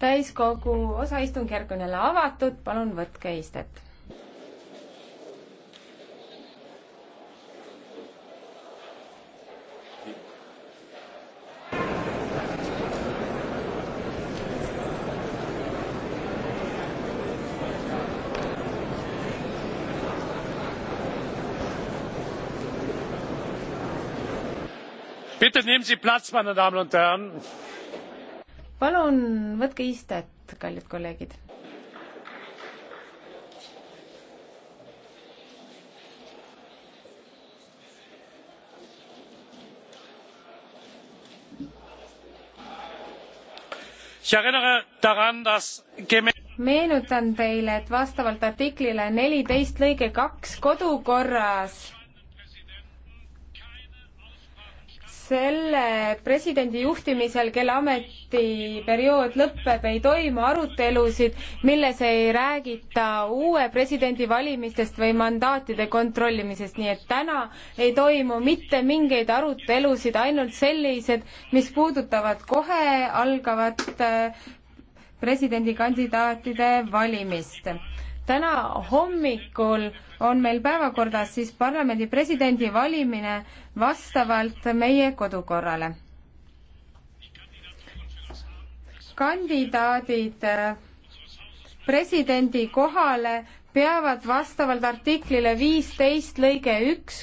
täiskogu osaistungjärk on jälle avatud palun võtke istet! bitte nehmen sie platz meine damen und herren! palun võtke istet kallid kolleegid! meenutan teile et vastavalt artiklile 14 lõige 2 kodukorras selle presidendi juhtimisel, kelle ametiperiood lõpeb, ei toimu arutelusid, milles ei räägita uue presidendi valimistest või mandaatide kontrollimisest, nii et täna ei toimu mitte mingeid arutelusid, ainult sellised, mis puudutavad kohe algavat äh, presidendikandidaatide valimist täna hommikul on meil päevakordas siis parlamendi presidendi valimine vastavalt meie kodukorrale. kandidaadid äh, presidendi kohale peavad vastavalt artiklile viisteist lõige üks